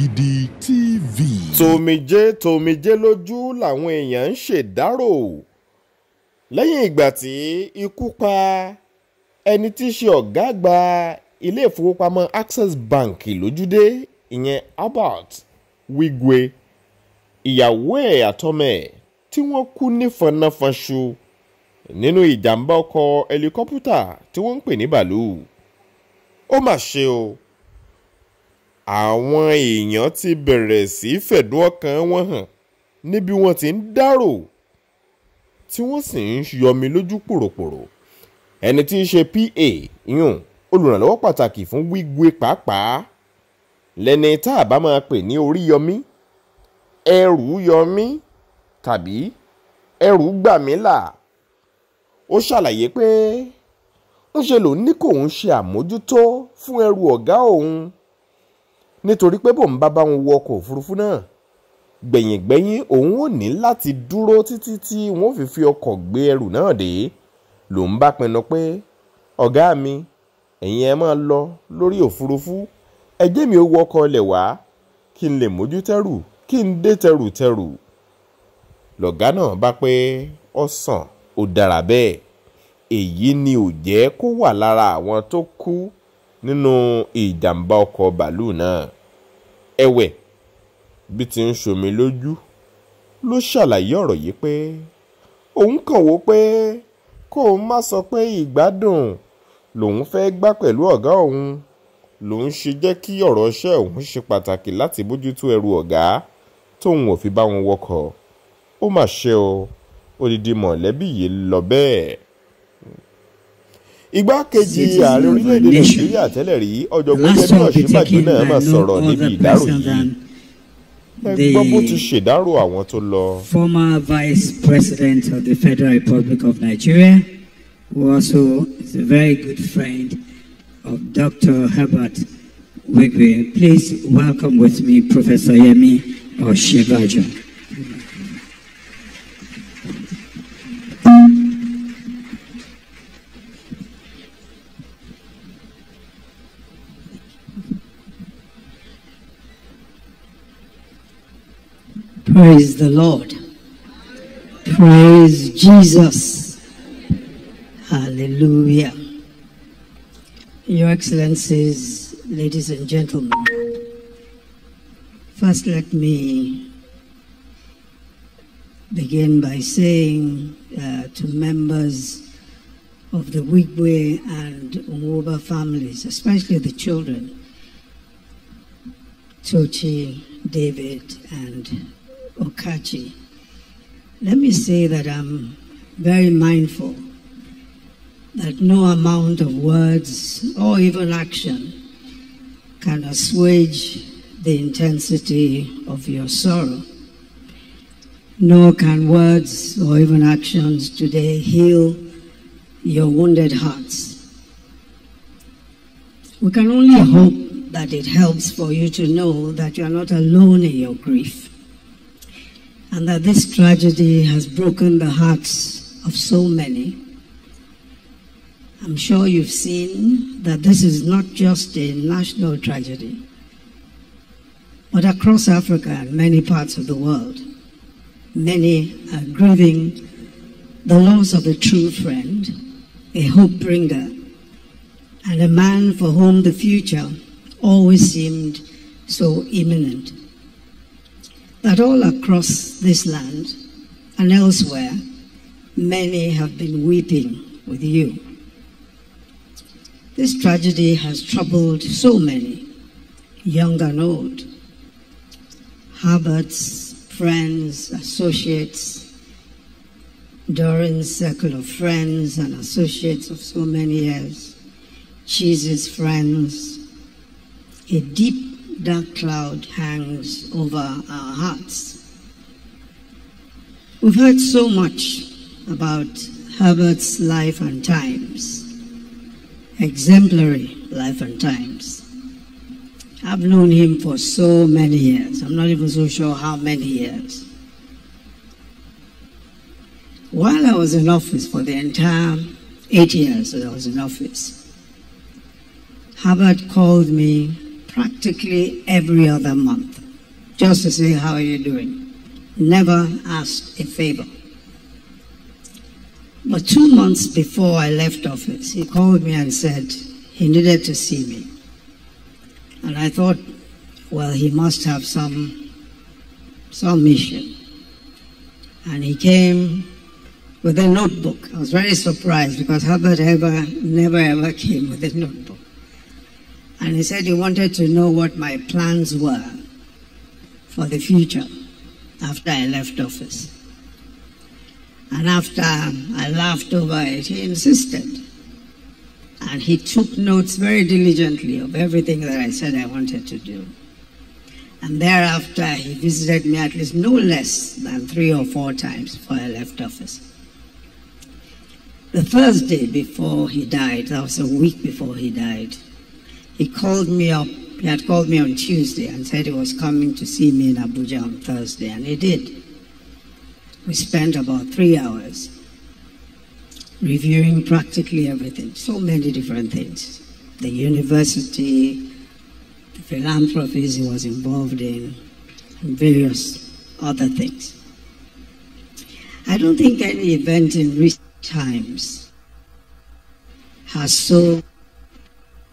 Gidi TV. tòmijé tòmijé lójú làwọn èèyàn ń ṣèdárò lẹ́yìn ìgbà tí ikú pa ẹni tí í ṣe ọ̀gá àgbà ilé ìfowópamọ́ Access Bank lójúdé ìyẹn Albert Wigwe ìyàwó ẹ̀ àtọmọ ẹ̀ tí wọ́n kú ní fọnáfọnṣu nínú ìjàmbá ọkọ̀ ẹlikọ́pútà tí wọ́n ń pè ní bàálù ó mà ṣe o àwọn èèyàn ti bẹ̀rẹ̀ sí í fẹ̀dùn ọkàn wọn hàn níbi wọ́n ti ń dárò tí wọ́n sì ń yọmi lójú pòròpòrò ẹni tí í ṣe pa yún olùrànlọ́wọ́ pàtàkì fún wíwé pàápàá lẹ́ni tá a bá máa pè ní orí yọmí ẹrù yọmí tàbí ẹrù gbàmílà ó ṣàlàyé pé ńṣe lòun ní kóun ṣe àmójútó fún ẹrù ọ̀gá òun nítorí pé bòun bá bá wọn wọ ọkọ̀ òfurufú náà gbẹ̀yìngbẹ̀yìn òun ò ní láti dúró títí tí wọ́n fi fi ọkọ̀ gbé ẹrù náà dé lòun bá pinnu pé ọ̀gá mi ẹ̀yin ẹ máa lọ lórí òfurufú ẹjẹ́ mi ò wọ ọkọ̀ ilẹ̀ wá kí n lè mójú tẹ́rù kí n dé tẹ́rù tẹ́rù lọ̀gá náà bá pé ó sàn ó dára bẹ́ẹ̀ èyí ni ò jẹ́ kó wà lára àwọn tó kú nínú ìjàmbá ọkọ̀ bàálù náà ẹ̀wẹ̀ bí ti ń ṣomi lójú ló ṣàlàyé ọ̀rọ̀ yìí pé òun kàn wò pé kóun má sọ pé ìgbádùn lòun fẹ́ gbá pẹ̀lú ọ̀gá òun lòun ṣe jẹ́ kí ọ̀rọ̀ iṣẹ́ òun ṣe pàtàkì láti bójútó ẹrù ọ̀gá tóun ò fi bá wọn wọkọ̀ ó mà ṣe o odidi mọ̀lẹ́bí yìí lọ bẹ́ẹ̀ igbákejì ààrẹ orílẹ̀-èdè nàìjíríà tẹ́lẹ̀ rí ọ̀jọ̀gbọ́n yẹmí ọ̀ṣínbàjò náà máa sọ̀rọ̀ níbi ìdárò yìí ẹ gbọ́ bó ti ṣèdárò àwọn tó lọ. former vice president of the federal republic of nigeria who also is a very good friend of dr herbert wigwe please welcome with me professor yemi Osinbajo. Praise the Lord. Praise Jesus. Hallelujah. Your Excellencies, ladies and gentlemen, first let me begin by saying uh, to members of the Wigwe and Woba families, especially the children, Tochi, David, and Okachi. Let me say that I'm very mindful that no amount of words or even action can assuage the intensity of your sorrow. Nor can words or even actions today heal your wounded hearts. We can only hope that it helps for you to know that you are not alone in your grief and that this tragedy has broken the hearts of so many. I'm sure you've seen that this is not just a national tragedy, but across Africa and many parts of the world, many are grieving the loss of a true friend, a hope bringer, and a man for whom the future always seemed so imminent that all across this land and elsewhere, many have been weeping with you. This tragedy has troubled so many, young and old. Hubbard's friends, associates, Doran's circle of friends and associates of so many years, Cheese's friends, a deep dark cloud hangs over our hearts. We've heard so much about Herbert's life and times, exemplary life and times. I've known him for so many years. I'm not even so sure how many years. While I was in office for the entire eight years that I was in office, Hubbard called me practically every other month just to say, How are you doing? Never asked a favor. But two months before I left office, he called me and said he needed to see me. And I thought, well, he must have some, some mission. And he came with a notebook. I was very surprised because Herbert ever, never ever came with a notebook. And he said he wanted to know what my plans were for the future after I left office. And after I laughed over it, he insisted. And he took notes very diligently of everything that I said I wanted to do. And thereafter, he visited me at least no less than three or four times before I left office. The Thursday before he died, that was a week before he died, he called me up. He had called me on Tuesday and said he was coming to see me in Abuja on Thursday, and he did. We spent about three hours reviewing practically everything, so many different things. The university, the philanthropies he was involved in, and various other things. I don't think any event in recent times has so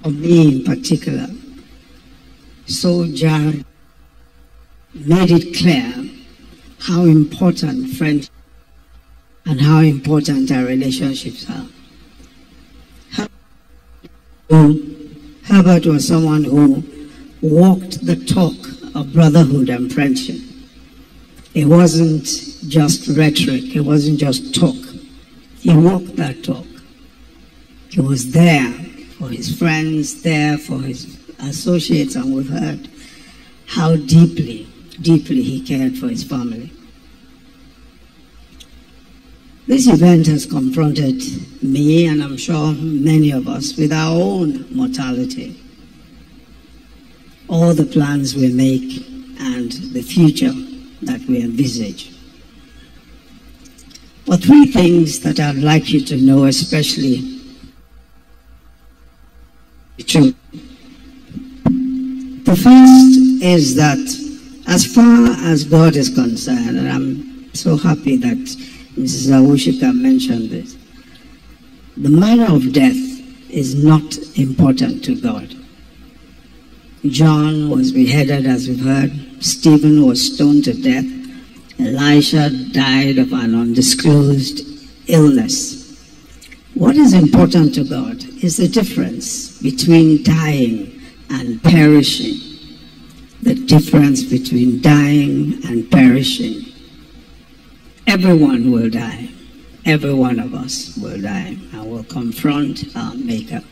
of me in particular, so jar made it clear how important friends and how important our relationships are. Herbert was someone who walked the talk of brotherhood and friendship. It wasn't just rhetoric, it wasn't just talk. He walked that talk. He was there for his friends there, for his associates, and we've heard how deeply, deeply he cared for his family. This event has confronted me, and I'm sure many of us, with our own mortality. All the plans we make and the future that we envisage. But three things that I'd like you to know, especially Two. The first is that as far as God is concerned, and I'm so happy that Mrs. Awushika mentioned this, the manner of death is not important to God. John was beheaded, as we've heard. Stephen was stoned to death. Elisha died of an undisclosed illness. What is important to God is the difference between dying and perishing. The difference between dying and perishing. Everyone will die. Every one of us will die and will confront our Maker.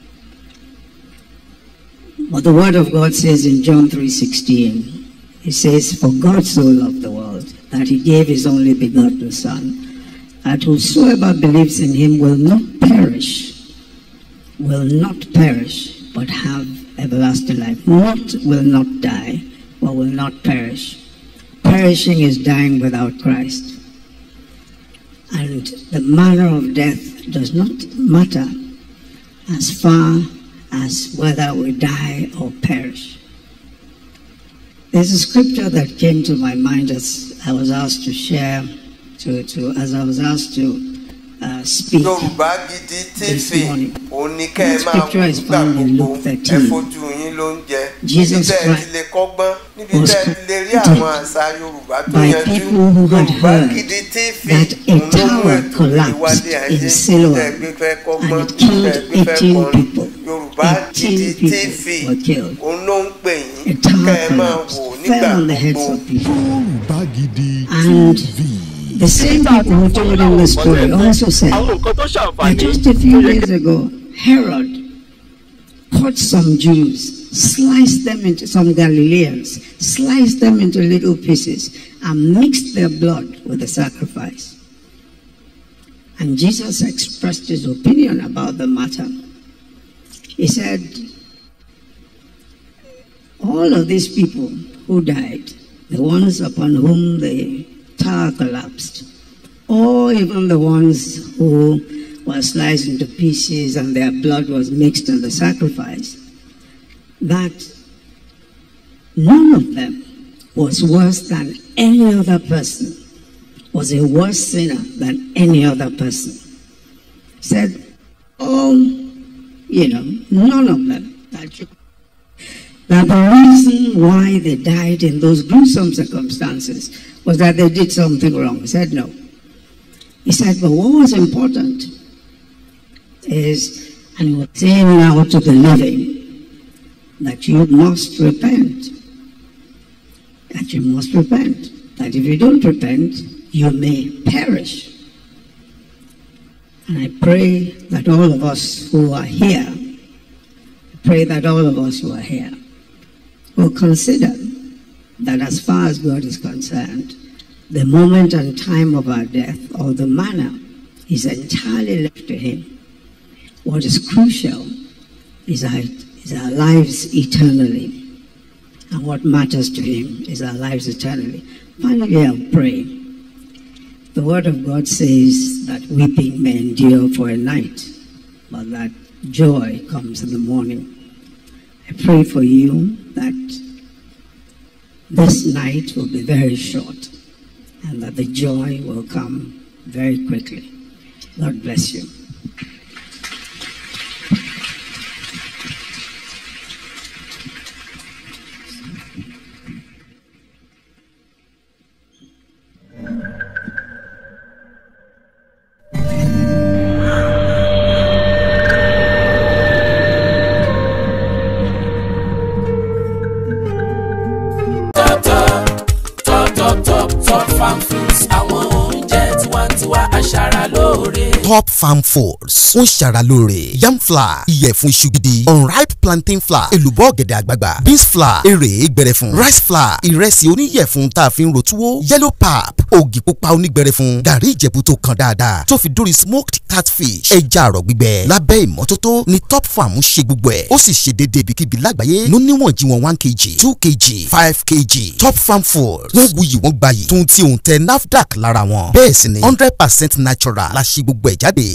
But the Word of God says in John 3.16, it says, For God so loved the world that he gave his only begotten Son, that whosoever believes in him will not perish, will not perish, but have everlasting life. Not will not die, but will not perish. Perishing is dying without Christ. And the manner of death does not matter as far as whether we die or perish. There's a scripture that came to my mind as I was asked to share to, to as I was asked to uh, speak Yorùbá Gidi TV òun ni kẹ́ ẹ máa wò nígbà gbogbo ẹ fojú yín ló ń jẹ níbi tẹ́ ẹ ti lè kọ́gbọ́n níbi tẹ́ ẹ ti lè rí àwọn àṣà Yorùbá tó yanjú Yorùbá Gidi TV òun ló mú ètò ìwádìí ayé tẹ́ The same people who told him the story also said that just a few days ago, Herod caught some Jews, sliced them into some Galileans, sliced them into little pieces, and mixed their blood with the sacrifice. And Jesus expressed his opinion about the matter. He said, all of these people who died, the ones upon whom they." tower collapsed, or oh, even the ones who were sliced into pieces and their blood was mixed in the sacrifice, that none of them was worse than any other person, was a worse sinner than any other person. Said, oh, you know, none of them Now, the reason why they died in those gruesome circumstances was that they did something wrong. He said, no. He said, but what was important is, and he was saying now to the living, that you must repent. That you must repent. That if you don't repent, you may perish. And I pray that all of us who are here, I pray that all of us who are here will consider that as far as God is concerned, the moment and time of our death or the manner is entirely left to Him. What is crucial is our, is our lives eternally. And what matters to Him is our lives eternally. Finally, I'll pray. The Word of God says that weeping may endure for a night, but that joy comes in the morning. I pray for you that this night will be very short and that the joy will come very quickly. Lord bless you. farm foods ó ń ṣara lóore yam flour ìyẹ̀fun iṣu gidi unripe plantain flour èlùbọ́ ọ̀gẹ̀dẹ̀ àgbagbà beans flour èrè gbẹrẹfun rice flour ìrẹsì oníyẹ̀fun tá a fi ń ro túwó yellow pap ògì pupa onígbẹrẹfun gàrí ìjẹ̀bú tó kan dáadáa tó fi dórí smoked catfish ẹja àrọ̀ gbígbẹ lábẹ́ ìmọ́tótó ni top farm ṣe gbogbo ẹ̀ ó sì ṣe déédéé ibikíbi lágbàáyé ló níwọ̀n jí wọn one kg two kg five kg top farm food wọ́n wuyì wọ́n gbayì tó ń ti òǹtẹ̀ nafdac lára wọn bẹ́ẹ̀ sì ni hundred percent natural la ṣe gbogbo ẹ̀ jáde